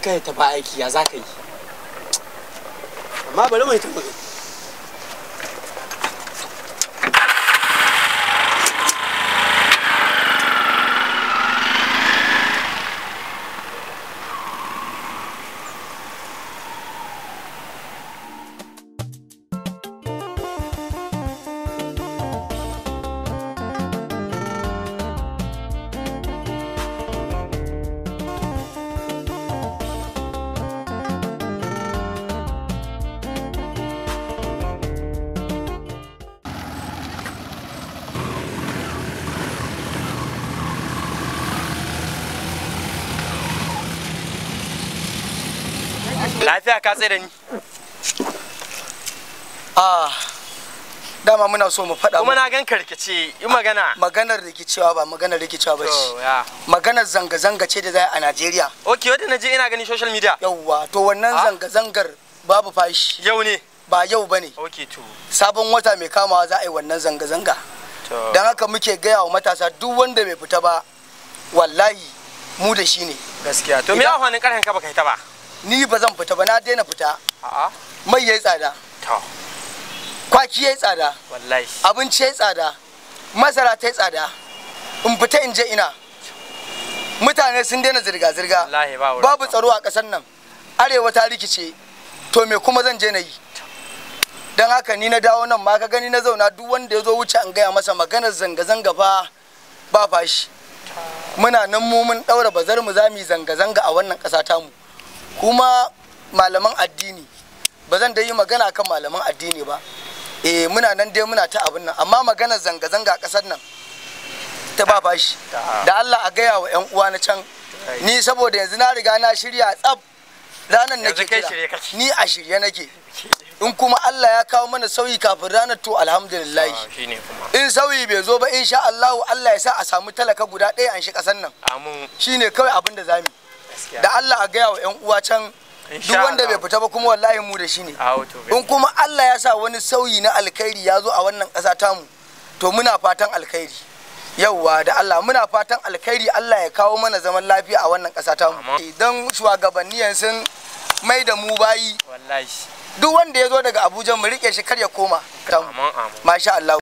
in kai tafi aiki ya za ka yi amma bari mai tafi lafiya ka tsaye da ni ah dama muna so mu faɗa kuma na gan karkace yi magana maganar rikicewa ba maganar rikicewa ba shi maganar zanga-zanga ce da za a Najeriya ok wadda na je ina gani social media yauwa to wannan ah. zanga-zangar babu fashi yau ne ba yau ba ne ok to sabon wata mai kamawa za a yi wannan zanga-zanga don haka muke gaya wa matasa duk wanda bai fita ba wallahi mu da shi ne gaskiya to me ya hannun karhen ka baka yi ta ba ni ba zan fita ba na daina fita mai yayi tsada kwaki yayi tsada abinci yayi tsada masara ta yi tsada in fita in je ina mutane sun daina zirga-zirga babu tsaro a ƙasar nan arewa ta rikice to me kuma zan je na yi don haka ni na dawo nan ma ka gani na zauna duk wanda ya zo wuce an gaya masa maganar zanga-zanga ba ba fashi muna nan mu mun daura bazar mu za zanga-zanga a wannan ƙasa mu. kuma malaman addini ba zan dai yi magana kan malaman addini ba eh muna nan dai muna ta abin nan amma magana zanga-zanga kasar nan ta ba bashi da Allah a gaya wa 'yan uwa na can ni saboda yanzu na riga na shirya tsab ranar nake kira ni a shirye nake in kuma Allah ya kawo mana sauyi kafin ranar to alhamdulillah ah, in sauyi bai zo ba insha Allah Allah ya sa a samu talaka guda ɗaya an shi ƙasar nan shine kawai abinda da zamu da Allah a gaya wa 'yan uwa can duk wanda bai fita ba kuma wallahi mu da shi ne in kuma Allah ya sa wani sauyi na alkhairi ya zo a wannan ƙasa tamu to muna fatan alkhairi yauwa da Allah muna fatan alkhairi Allah ya kawo mana zaman lafiya a wannan ƙasa tamu idan shugabanni sun mai da mu bayi duk wanda ya zo daga Abuja mu rike shi kar ya koma masha Allah